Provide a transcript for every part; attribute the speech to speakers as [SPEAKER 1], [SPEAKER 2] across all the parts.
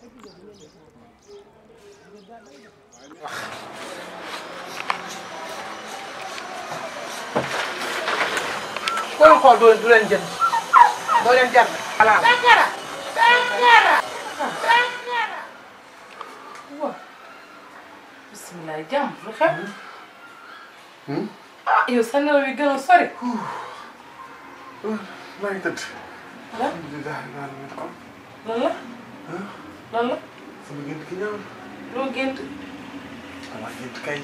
[SPEAKER 1] koy xool doo du leen jënd doo leen jàng sangara sangara sangara waaw bismillah jam, lu hmm? hmm, ah yow sa nelaw yi gën a sori
[SPEAKER 2] la lan la. sama gént gi ñaaw na. loo gént. dama gént kay.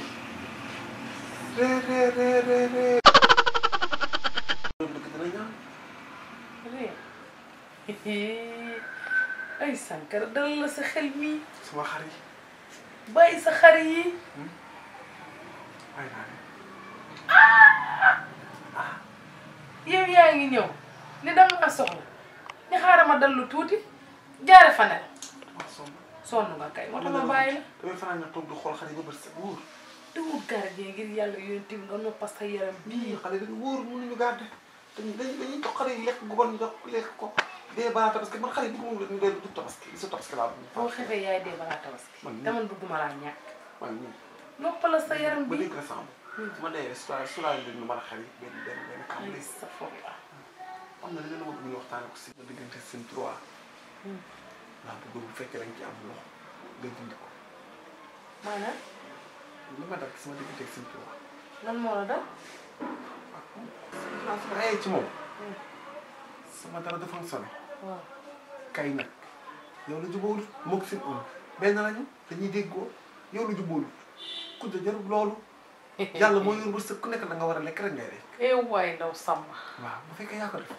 [SPEAKER 2] réer réer réer réer réer.
[SPEAKER 1] ay Sankara dalal la sa xel mii. sama xar yi. bàyyi sa xar yi.
[SPEAKER 2] bàyyi naa ne.
[SPEAKER 1] yow yaa ngi ñëw ne dama soxla ñu xaaral ma dallu tuuti jaare
[SPEAKER 2] fanel sonn nga kay moo tax ma bàyyi la. damay faral nga toog di xool xale yi ba bët sa wóor. te wut gardien ngir yàlla yonent bi nga noppal sa yaram bii xale dañu wóor mënuñu garder dañuy dañuy jox xale yi lekk gu bon jox lekk ko dee balaa tabaski man xale yi bëgguma ñu dee du tabaski li sa tabaski laa bëgg. boo xefee yaay dee balaa tabaski. man dama bëgguma laa ñàkk. man ñun
[SPEAKER 1] noppal sa yaram bi ba léegi
[SPEAKER 2] décembre. su ma dee restaurant su laal leen mën a xel yi benn benn benn kàmm lay sa foofu am na leneen ma ñu waxtaanee ko si diggante seen trois lampe boobu bu fekkee da nga ci am loxo nga dindi ko. maanaam. li ma dal sama diggante ak Sëñ Tuubaa. lan moo la dal. waaw su ma ayee ci moom. Hmm. sama dara dafa sonné. waaw kay nag yow la jubóowul moog seen oom benn lañu dañuy déggoo yow la jubóowul ku da jarul loolu. yàlla moo yor wërsëg ku nekk da nga war a lekk rek ngay lekk. eh waay ndaw Samba. waaw bu fekkee yaa ko def.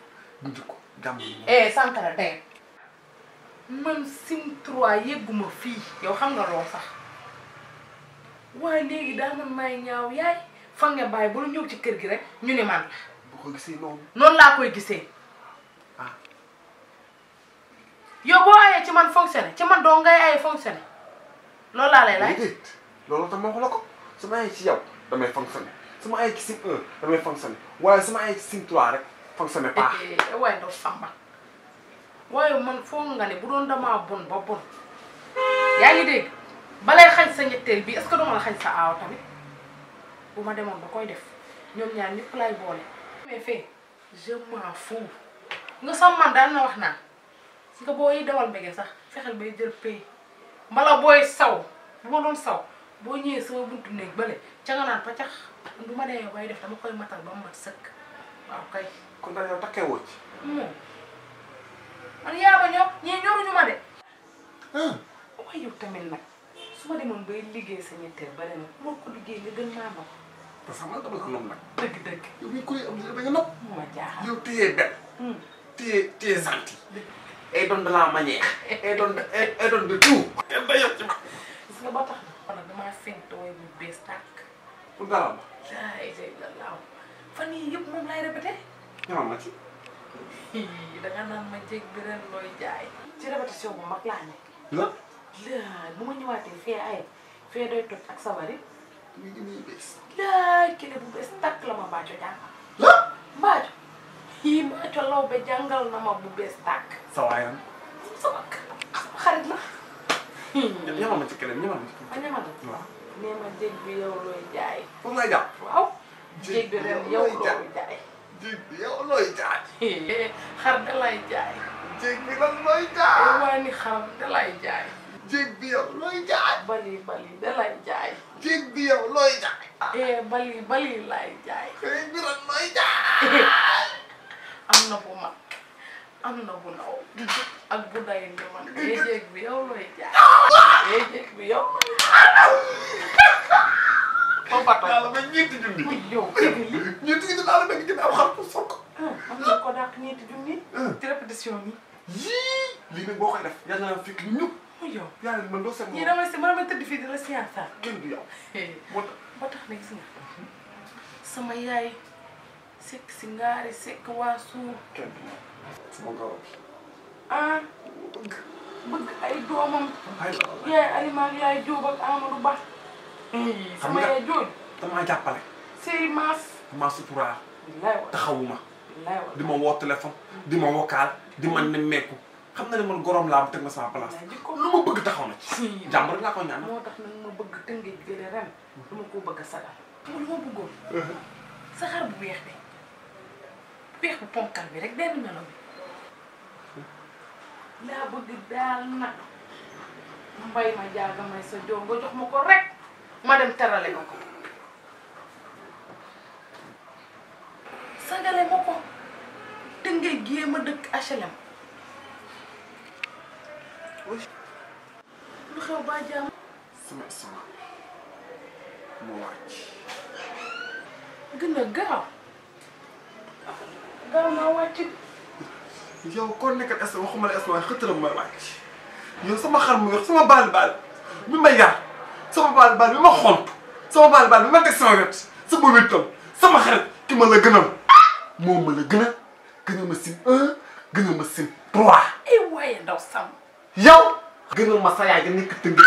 [SPEAKER 2] njëkko jàmm. eh Sankara tey.
[SPEAKER 1] man Sine 3 yegguma fii yow xam nga loo sax waaye léegi daa man may ñaaw yaay fan nga bàyyi ba lu ci kër gi rek ñu ne man la.
[SPEAKER 2] bu ko gisee noonu.
[SPEAKER 1] noonu laa koy gisee. ah. yow boo ayee ci man fonctionné ci man doo ngay ayee fonctionné laa lay laaj. déedéet
[SPEAKER 2] loolu tam waxu la ko su ma ayee ci yow damay fonctionné su ma ayee ci Sine 1 damay fonctionné waaye su ma ayee ci Sine 3 rek fonctionné pas.
[SPEAKER 1] waaye man foo nga ne bu doon damaa bon ba bon yaa ngi dégg balay xañ sa ñetteel bi est-ce que duma la sa aaw tamit bu ma demoon ba koy def ñoom ñaar ñëpp lay boole. mais fee wax naan si nga booy dawal mbege sax fexeel bay jël pay mbala booy saw bu ma doon saw boo ñëwee sama buntu néeg bële ca paccax du ma demee bay def dama koy matal ba mu mat sëkk
[SPEAKER 2] waaw kay. kon daal yow
[SPEAKER 1] man yaa ma ñor ñii ñoruñu ma de. ah. Oh, waaye yow tamit nag su ma demoon bay liggéey sa ñetteel bare na
[SPEAKER 2] moo te sax man dama ko nopp nag. dëgg dëgg. yow mii ku ne am na da nga nopp. ma jaaxal yow téye bel. Hmm. téye téye sant. ay eh, doon de la manière. ay eh, doon kenn day yor ci ma.
[SPEAKER 1] gis nga ba tax na. kon damaa seen tooy bu bees tàkk. pour dara ma. laa ilaaha illallaah fan yii yëpp moom laay ma ci. danga naan ma jég bi ren looy jaay. ci répétition bu mag laa ne. lan. laa bu ma ñëwaatee fee ay fee doy toj ak sabari. bees. laa kele bu bees tàkk la ma mbaaco jàngal. lan mbaaco. yii mbaaco law ba jàngal na ma bu bees tàkk. sa waayam. sama xarit la.
[SPEAKER 2] ñamal ma ci keneen ñamal ma ci
[SPEAKER 1] keneen. ma ah, ñamal ma jég bi yow looy jaay. pour lay jàpp waaw. jég bi ren yow looy jaay. jéeg bi yow looy jaay. xar da lay jaay. jéeg bali bali da lay jaay. jéeg bi eh, bali bali lay jaay. jéeg bi am na bu mag am na bu ndaw ak bu day ni man eh, jéeg bi yow looy jaay
[SPEAKER 2] eh, jéeg bi yow. pato yalla ba ñent jundi sok am ko dak ñent jundi ci répétition ni li nak bokay def yalla na fik ñup yow yalla man do sama ñi dama
[SPEAKER 1] ci mëna teud fi di la science ah bëgg dua doomam ya, animal yaay joob ak ah, amadou ba xam nga damaa jàppale. Seydou Maas.
[SPEAKER 2] ma sutura. taxawuma. di ma woo téléphone. di ma vocal di ma nemmeeku. xam na ne man gorom laa am teg bëgg taxaw na ci. jàmm rek laa ko ñaan. moo
[SPEAKER 1] tax nag ma bëgg tënkee gële ren. Mm-hmm. koo mm-hmm. mm-hmm. bëgg daal nag. mbay ma jaaga may sa doom nga jox ma rek. ma dem terale ko ko sagale ma ko te ngay géem a dëkk HLM lu xew ba jàmm
[SPEAKER 2] sama sama a gaaw gaaw naa wàcc yow koo nekkal est waxuma la ma wàcc yow sama xar mu yox sama baal baal mi ma yar sama baal baal bi ma xont sama baal baal bi ma teg sama wet sama wéttal sama xarit ki ma la gënal moo ma la gënal gënal ma sin un gënal ma sin trois
[SPEAKER 1] ay eh waaye ndaw sam
[SPEAKER 2] yow gënal ma sa yaay nga nekk tënk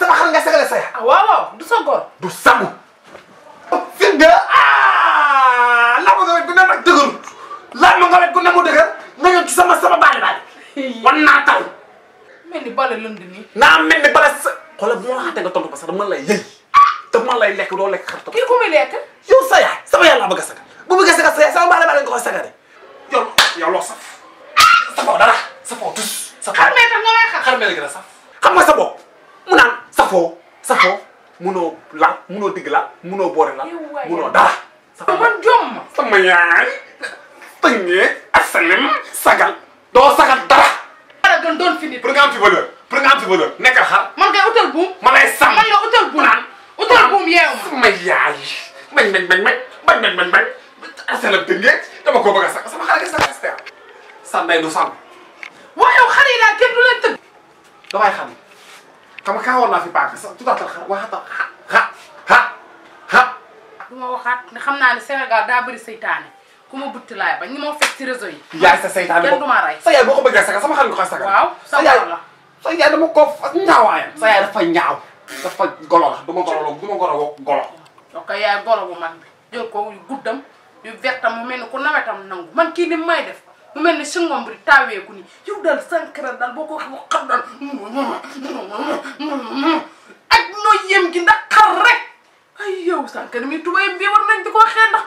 [SPEAKER 2] sama xarit nga sa yaay ah, du sa góor fin nga ah laa ma nga wet gu ne laa ma nga wet gu nga ñëw sama sama baal baal wan taw
[SPEAKER 1] mel ni bala lënd nii
[SPEAKER 2] kalau bu ma waxaatee nga tontu parce que dama lay yëy te ma lay lekk doo yow sa yaay sama yaay bëgg a bu bëgg sa sama baale baale nga koy sagale. yow yow loo saf. safoo dara safoo tus. safoo xar mee tax nga lay xar xar la gën saf. xam nga sa bopp mu naan safoo safoo munoo laal munoo digg laal munoo boore laal munoo dara. safoo man jom sama yaay sagal sagal dara. dara gën doon fini. fi pour nga am si valeur nekkal xar. man kay utal buum. ma lay sàmm man la utal buum. naan utal buum yeewu ma. ma yaay mañ mañ mañ mañ mañ mañ mañ mañ asalab tëngeej dama ko bëgg a sax sama xale gi sax aster. sànnay du sànn. waaw yow xale yi daal kenn du leen tëgg. damay xam xam kaa war naa fi paaka sax tutaatal xar waxatal xar xar xar
[SPEAKER 1] xar. du ma waxaat ne xam naa ne Sénégal daa bëri seytaane. ku ma butti laay ba ñu ma fekk ci réseau yi.
[SPEAKER 2] yaay sa seytaane boobu kenn du ma rey. sa yaay boo ko bëggee sagal sama xarit nga koy sagal. waaw sa yaay la sa yaay dama ko fa ñaawaayam sa yaay dafa ñaaw dafa golo la du ma golo du ma golo golo
[SPEAKER 1] ok yaay golo bu mag bi jël ko yu guddam yu vertam mu mel ni ku nawetam nangu man kii ni may def mu mel ni singom bi taaweeku nii yow daal sankara daal boo ko wax bu xam daal ak nooy yem gi ndax xar rek ay yow sankara mi tubaay bi war nañ di ko xeex